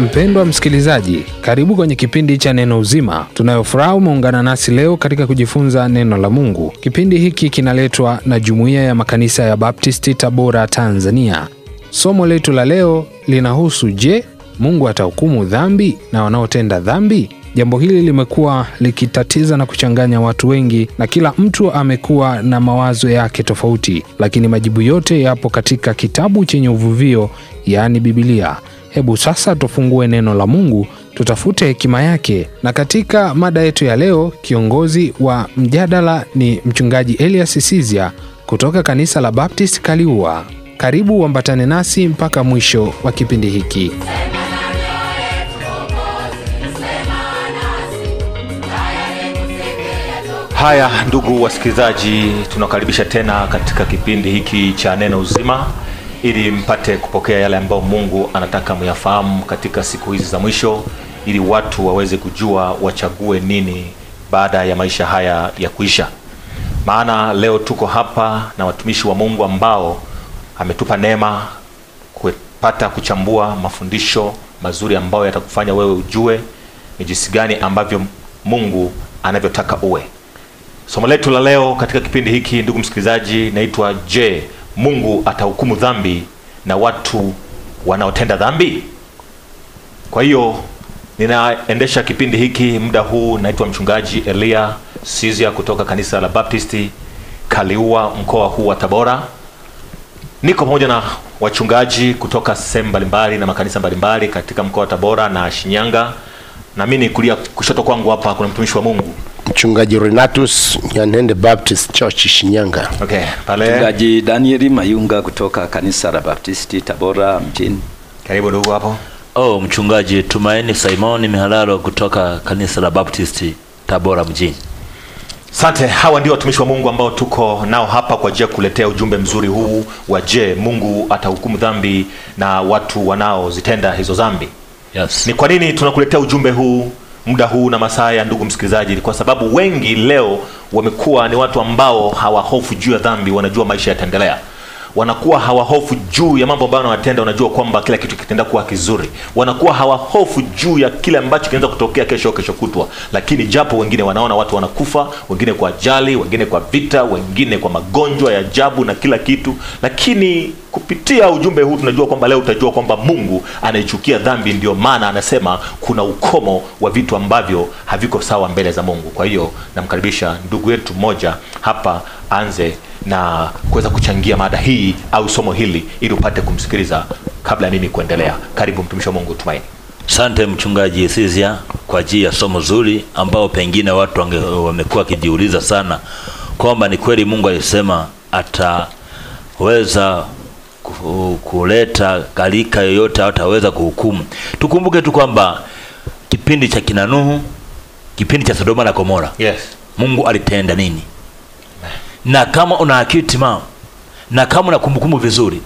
Mpendwa msikilizaji, karibu kwenye kipindi cha Neno Uzima. Tunayofuraha umeungana nasi leo katika kujifunza neno la Mungu. Kipindi hiki kinaletwa na Jumuiya ya Makanisa ya Baptisti Tabora, Tanzania. Somo letu la leo linahusu je, Mungu atahukumu dhambi na wanaotenda dhambi? Jambo hili limekuwa likitatiza na kuchanganya watu wengi na kila mtu amekuwa na mawazo yake tofauti, lakini majibu yote yapo katika kitabu chenye uvuvio, yaani Bibilia. Hebu sasa tufungue neno la Mungu, tutafute hekima yake. Na katika mada yetu ya leo, kiongozi wa mjadala ni mchungaji Elias Sizia kutoka kanisa la Baptist Kaliua. Karibu uambatane nasi mpaka mwisho wa kipindi hiki. Haya, ndugu wasikilizaji, tunakaribisha tena katika kipindi hiki cha neno uzima ili mpate kupokea yale ambayo Mungu anataka muyafahamu katika siku hizi za mwisho, ili watu waweze kujua wachague nini baada ya maisha haya ya kuisha. Maana leo tuko hapa na watumishi wa Mungu ambao ametupa neema kupata kuchambua mafundisho mazuri ambayo yatakufanya wewe ujue ni jinsi gani ambavyo Mungu anavyotaka uwe. Somo letu la leo katika kipindi hiki, ndugu msikilizaji, naitwa Je, Mungu atahukumu dhambi na watu wanaotenda dhambi. Kwa hiyo ninaendesha kipindi hiki muda huu, naitwa mchungaji Elia Sizia kutoka kanisa la Baptisti Kaliua, mkoa huu wa Tabora. Niko pamoja na wachungaji kutoka sehemu mbalimbali na makanisa mbalimbali katika mkoa wa Tabora na Shinyanga, na mimi kulia kushoto kwangu hapa kuna mtumishi wa Mungu mchungaji Renatus Nyanende Baptist Church Shinyanga. Okay, pale mchungaji Daniel Mayunga kutoka kanisa la Baptisti Tabora mjini. Karibu ndugu hapo. Oh, mchungaji Tumaini Simon Mihalalo kutoka kanisa la Baptisti Tabora mjini. Sante, hawa ndio watumishi wa Mungu ambao tuko nao hapa kwa ajili ya kuletea ujumbe mzuri huu wa je, Mungu atahukumu dhambi na watu wanaozitenda hizo dhambi? Yes. Ni kwa nini tunakuletea ujumbe huu? muda huu na masaa ya ndugu msikilizaji, kwa sababu wengi leo wamekuwa ni watu ambao hawahofu juu ya dhambi, wanajua maisha yataendelea wanakuwa hawahofu juu ya mambo ambayo wanatenda. Wanajua kwamba kila kitu kitenda kuwa kizuri, wanakuwa hawahofu juu ya kile ambacho kinaweza kutokea kesho, kesho kutwa. Lakini japo wengine wanaona watu wanakufa, wengine kwa ajali, wengine kwa vita, wengine kwa magonjwa ya ajabu na kila kitu, lakini kupitia ujumbe huu tunajua kwamba leo utajua kwamba Mungu anaichukia dhambi, ndio maana anasema kuna ukomo wa vitu ambavyo haviko sawa mbele za Mungu. Kwa hiyo namkaribisha ndugu yetu mmoja hapa aanze na kuweza kuchangia mada hii au somo hili ili upate kumsikiliza kabla ya mimi kuendelea. Karibu mtumishi wa Mungu Tumaini. Asante mchungaji sizia kwa ajili ya somo zuri ambao pengine watu wamekuwa wakijiuliza sana kwamba ni kweli Mungu alisema ataweza kuleta gharika yoyote ataweza kuhukumu. Tukumbuke tu kwamba kipindi cha kina Nuhu, kipindi cha Sodoma na Gomora, yes. Mungu alitenda nini? na kama una akili timamu na kama una kumbukumbu vizuri,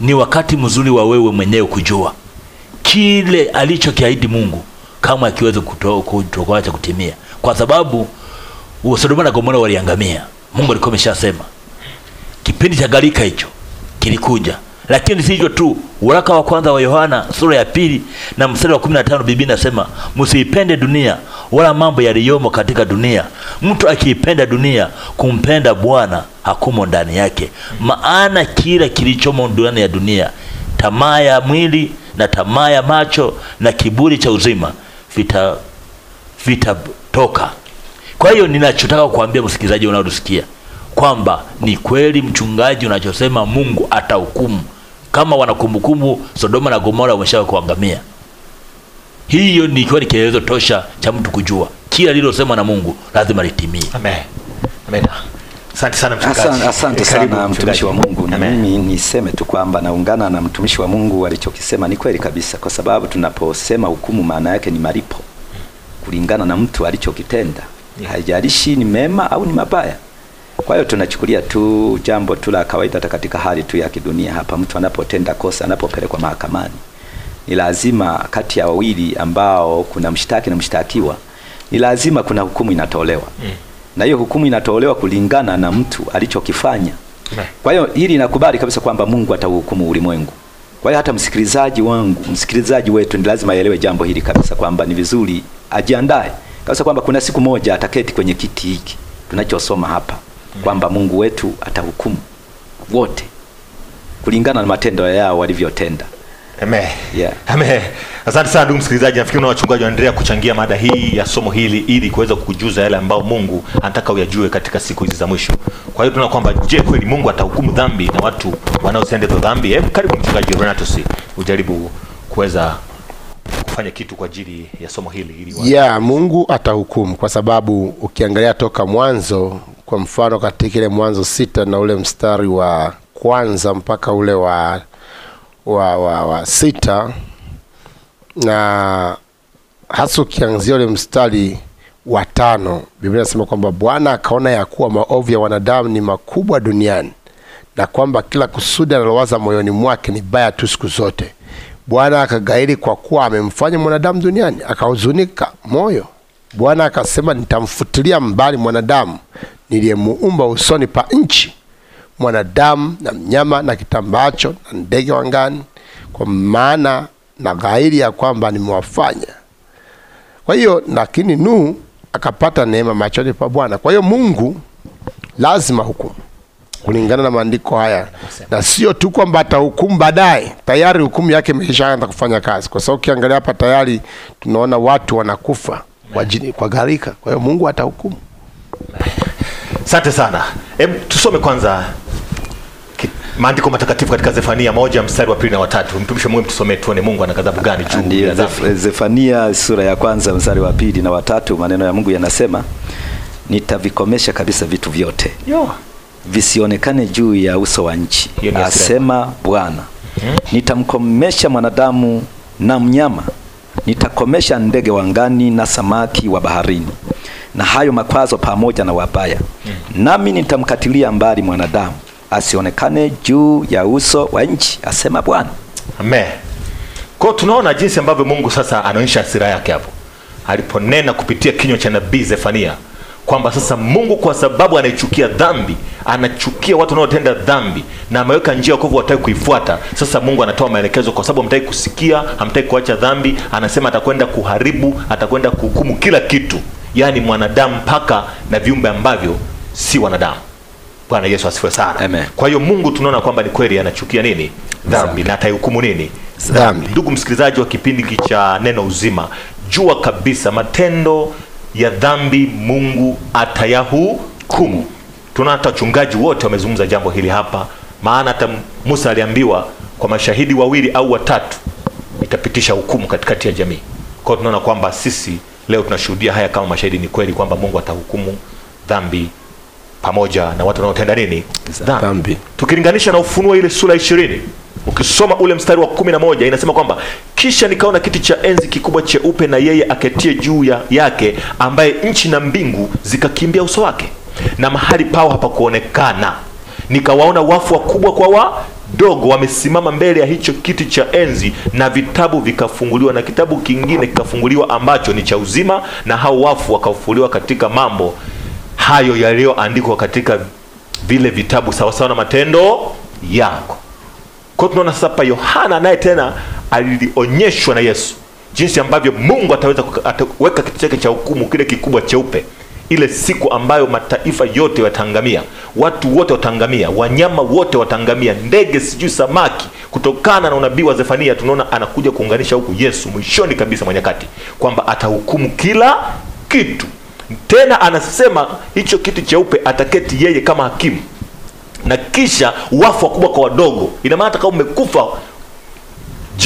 ni wakati mzuri wa wewe mwenyewe kujua kile alichokiahidi Mungu kama akiweza kutokoacha kutimia, kwa sababu Sodoma na Gomora waliangamia. Mungu alikuwa ameshasema. Kipindi cha gharika hicho kilikuja, lakini si hivyo tu. Waraka wa kwanza wa Yohana sura ya pili na mstari wa 15, Biblia inasema msiipende dunia wala mambo yaliyomo katika dunia. Mtu akiipenda dunia, kumpenda Bwana hakumo ndani yake. Maana kila kilichomo ndani ya dunia, tamaa ya mwili na tamaa ya macho na kiburi cha uzima, vita vitatoka. Kwa hiyo ninachotaka kuambia msikilizaji unaotusikia kwamba ni kweli mchungaji, unachosema Mungu atahukumu. Kama wanakumbukumbu Sodoma na Gomora wameshakuangamia. Hiyo ni ikiwa ni kielezo tosha cha mtu kujua kila lilosema na Mungu lazima litimie. Amen. Amen. Asante sana mchungaji. Asante, asante eh, sana mtumishi wa Mungu. Na mimi niseme tu kwamba naungana na mtumishi wa Mungu alichokisema ni kweli kabisa, kwa sababu tunaposema hukumu maana yake ni malipo kulingana na mtu alichokitenda, yeah. Haijalishi ni mema au ni mabaya. Kwa hiyo tunachukulia tu jambo tu la kawaida, hata katika hali tu ya kidunia hapa, mtu anapotenda kosa, anapopelekwa mahakamani ni lazima kati ya wawili ambao kuna mshtaki na mshtakiwa, ni lazima kuna hukumu inatolewa mm. na hiyo hukumu inatolewa kulingana na mtu alichokifanya mm. kwa hiyo hili nakubali kabisa kwamba Mungu atahukumu ulimwengu. Kwa hiyo hata msikilizaji wangu, msikilizaji wetu ni lazima aelewe jambo hili kabisa kwamba ni vizuri ajiandae kabisa kwamba kuna siku moja ataketi kwenye kiti hiki tunachosoma hapa mm. kwamba Mungu wetu atahukumu wote kulingana na matendo yao walivyotenda. Amen. Yeah. Amen. Asante sana ndugu msikilizaji, nafikiri na wachungaji waendelea kuchangia mada hii ya somo hili ili kuweza kukujuza yale ambayo Mungu anataka uyajue katika siku hizi za mwisho. Kwa hiyo tunaona kwamba je, kweli Mungu atahukumu dhambi na watu wanaotenda dhambi? Hebu karibu mchungaji Renatus ujaribu kuweza kufanya kitu kwa ajili ya somo hili ili wa... yeah, Mungu atahukumu kwa sababu ukiangalia toka mwanzo, kwa mfano katika ile Mwanzo sita na ule mstari wa kwanza mpaka ule wa wa, wa, wa sita na hasa ukianzia ule mstari wa tano, Biblia inasema kwamba Bwana akaona ya kuwa maovu ya wanadamu ni makubwa duniani na kwamba kila kusudi analowaza moyoni mwake ni baya tu siku zote. Bwana akagairi kwa kuwa amemfanya mwanadamu duniani, akahuzunika moyo. Bwana akasema, nitamfutilia mbali mwanadamu niliyemuumba usoni pa nchi mwanadamu na mnyama na kitambacho na ndege wangani kwa maana na ghairi ya kwamba nimewafanya. Kwa hiyo lakini Nuhu akapata neema machoni pa Bwana. Kwa hiyo Mungu lazima hukumu kulingana na maandiko haya, na sio tu kwamba atahukumu baadaye, tayari hukumu yake imeshaanza kufanya kazi, kwa sababu ukiangalia hapa tayari tunaona watu wanakufa kwa, kwa gharika. Kwa hiyo Mungu atahukumu. Asante sana. Hebu tusome kwanza maandiko matakatifu katika Zefania moja mstari wa pili na watatu. Mtumishi Mungu, tusomee tuone Mungu ana ghadhabu gani juu. Ndiyo, Zefania sura ya kwanza mstari wa pili na watatu, maneno ya Mungu yanasema nitavikomesha kabisa vitu vyote Yo. visionekane juu ya uso wa nchi, asema Bwana. Hmm? Nitamkomesha mwanadamu na mnyama, nitakomesha ndege wangani na samaki wa baharini na hayo makwazo pamoja na wabaya, mm. nami nitamkatilia mbali mwanadamu asionekane juu ya uso wa nchi, asema Bwana. Amen. Kwa tunaona jinsi ambavyo Mungu sasa anaonyesha hasira yake hapo aliponena kupitia kinywa cha nabii Zefania kwamba sasa Mungu kwa sababu anaichukia dhambi, anachukia watu wanaotenda dhambi na ameweka njia ya wokovu, hataki kuifuata. Sasa Mungu anatoa maelekezo, kwa sababu hamtaki kusikia, hamtaki kuacha dhambi, anasema atakwenda kuharibu, atakwenda kuhukumu kila kitu yani mwanadamu mpaka na viumbe ambavyo si wanadamu. Bwana Yesu asifiwe sana. Amen. Kwa hiyo Mungu tunaona kwamba ni kweli anachukia nini? Dhambi na ataihukumu nini? Dhambi. Ndugu msikilizaji wa kipindi cha Neno Uzima, jua kabisa matendo ya dhambi Mungu atayahukumu. Tunaona hata wachungaji wote wamezungumza jambo hili hapa, maana hata Musa aliambiwa kwa mashahidi wawili au watatu itapitisha hukumu katikati ya jamii. Kwa hiyo tunaona kwamba sisi Leo tunashuhudia haya kama mashahidi, ni kweli kwamba Mungu atahukumu dhambi pamoja na watu wanaotenda nini dhambi. Tukilinganisha na Ufunuo ile sura ishirini ukisoma ule mstari wa kumi na moja inasema kwamba kisha nikaona kiti cha enzi kikubwa cheupe na yeye aketie juu ya yake, ambaye nchi na mbingu zikakimbia uso wake, na mahali pao hapakuonekana. Nikawaona wafu wakubwa kwa wa dogo wamesimama mbele ya hicho kiti cha enzi na vitabu vikafunguliwa, na kitabu kingine kikafunguliwa ambacho ni cha uzima, na hao wafu wakafufuliwa katika mambo hayo yaliyoandikwa katika vile vitabu sawasawa na matendo yako. Kwa tunaona sasa Yohana naye tena alionyeshwa na Yesu jinsi ambavyo Mungu ataweza kuweka kiti chake cha hukumu kile kikubwa cheupe ile siku ambayo mataifa yote wataangamia, watu wote wataangamia, wanyama wote wataangamia, ndege, sijui samaki. Kutokana na unabii wa Zefania tunaona anakuja kuunganisha huku Yesu mwishoni kabisa mwa nyakati kwamba atahukumu kila kitu. Tena anasema hicho kitu cheupe ataketi yeye kama hakimu, na kisha wafu wakubwa kwa wadogo. Ina maana kama umekufa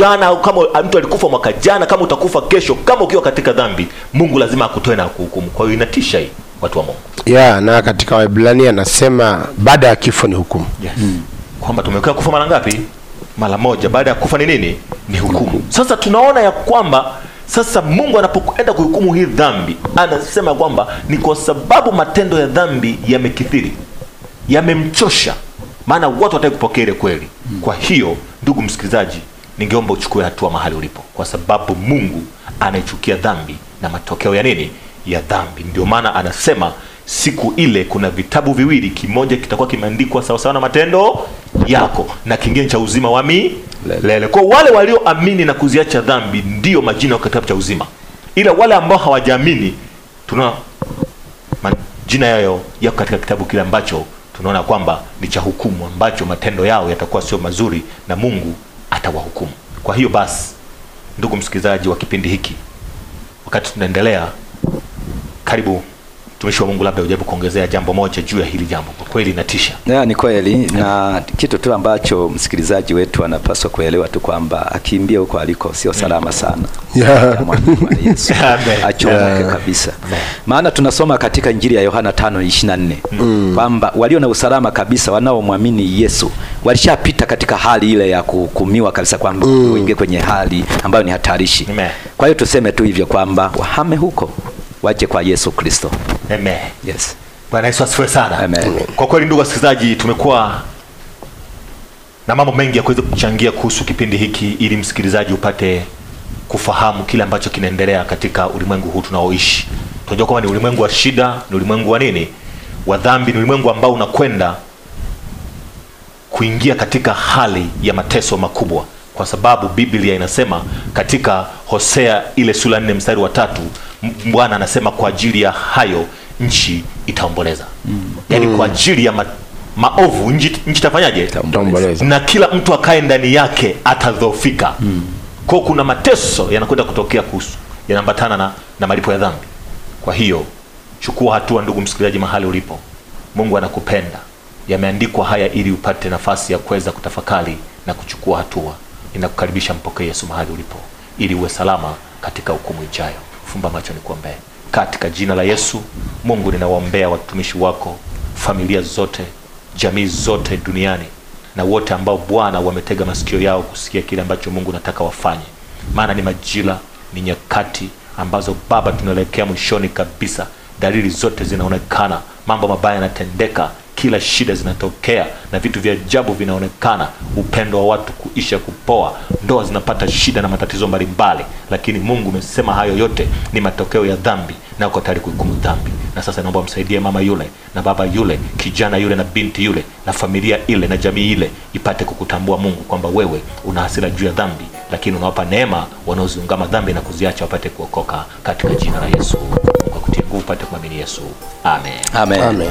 jana au kama mtu alikufa mwaka jana, kama utakufa kesho, kama ukiwa katika dhambi, Mungu lazima akutoe na kuhukumu. Kwa hiyo inatisha hii, watu wa Mungu. Yeah, na katika Waebrania anasema baada ya kifo ni hukumu. Yes. Mm. Kwamba tumekuwa kufa mara ngapi? Mara moja. Baada ya kufa ni nini? Ni hukumu. Sasa tunaona ya kwamba sasa Mungu anapoenda kuhukumu hii dhambi, anasema kwamba ni kwa sababu matendo ya dhambi yamekithiri, yamemchosha, maana watu wataki kupokea ile kweli. Kwa hiyo, ndugu msikilizaji, ningeomba uchukue hatua mahali ulipo, kwa sababu Mungu anaichukia dhambi na matokeo ya nini? Ya dhambi. Ndio maana anasema siku ile kuna vitabu viwili, kimoja kitakuwa kimeandikwa sawasawa na matendo yako na kingine cha uzima wa milele. Kwa wale walioamini na kuziacha dhambi ndiyo majina ya kitabu cha uzima, ila wale ambao hawajaamini tuna majina yao yako katika kitabu kile ambacho tunaona kwamba ni cha hukumu, ambacho matendo yao yatakuwa sio mazuri na Mungu atawahukumu. Kwa hiyo basi, ndugu msikilizaji wa kipindi hiki, wakati tunaendelea, karibu Mtumishi wa Mungu, labda ujaribu kuongezea jambo moja juu ya hili jambo, kwa kweli inatisha. Yeah, ni kweli yeah. Na kitu tu ambacho msikilizaji wetu anapaswa kuelewa tu kwamba akimbia huko aliko sio salama sana yeah. Yesu achomoke yeah. kabisa yeah. Maana tunasoma katika Injili ya Yohana 5:24 mm. kwamba walio na usalama kabisa wanaomwamini Yesu walishapita katika hali ile ya kuhukumiwa kabisa, kwamba mm. uingie kwenye hali ambayo ni hatarishi Kwa hiyo tuseme tu hivyo kwamba wahame huko waje kwa Yesu Kristo. Amen. Yes. Bwana Yesu asifiwe sana. Amen. Kwa kweli ndugu wasikilizaji, tumekuwa na mambo mengi ya kuweza kuchangia kuhusu kipindi hiki ili msikilizaji upate kufahamu kile ambacho kinaendelea katika ulimwengu huu tunaoishi. Tunajua kwamba ni ulimwengu wa shida, ni ulimwengu wa nini? Wa dhambi, ni ulimwengu ambao unakwenda kuingia katika hali ya mateso makubwa, kwa sababu Biblia inasema katika Hosea ile sura 4 mstari wa tatu Bwana anasema kwa ajili ya hayo nchi itaomboleza. Mm. Yaani kwa mm. ajili ya ma, maovu nchi itafanyaje? Itaomboleza. Na kila mtu akae ndani yake atadhoofika. Mm. Kwa kuna mateso yanakwenda kutokea kuhusu yanambatana na, na malipo ya dhambi. Kwa hiyo chukua hatua, ndugu msikilizaji, mahali ulipo. Mungu anakupenda. Yameandikwa haya ili upate nafasi ya kuweza kutafakari na kuchukua hatua. Ninakukaribisha mpokee Yesu mahali ulipo ili uwe salama katika hukumu ijayo kufumba macho nikuombee katika jina la Yesu. Mungu, ninawaombea watumishi wako, familia zote, jamii zote duniani na wote ambao Bwana wametega masikio yao kusikia kile ambacho Mungu nataka wafanye, maana ni majira, ni nyakati ambazo Baba tunaelekea mwishoni kabisa, dalili zote zinaonekana, mambo mabaya yanatendeka kila shida zinatokea na vitu vya ajabu vinaonekana, upendo wa watu kuisha kupoa, ndoa zinapata shida na matatizo mbalimbali, lakini Mungu umesema hayo yote ni matokeo ya dhambi na uko tayari kuhukumu dhambi. Na sasa naomba msaidie mama yule na baba yule, kijana yule na binti yule, na familia ile na jamii ile ipate kukutambua Mungu kwamba wewe una hasira juu ya dhambi, lakini unawapa neema wanaoziungama dhambi na kuziacha wapate kuokoka katika jina la Yesu. Mungu akutie nguvu upate kumwamini Yesu. Amen. Amen. Amen.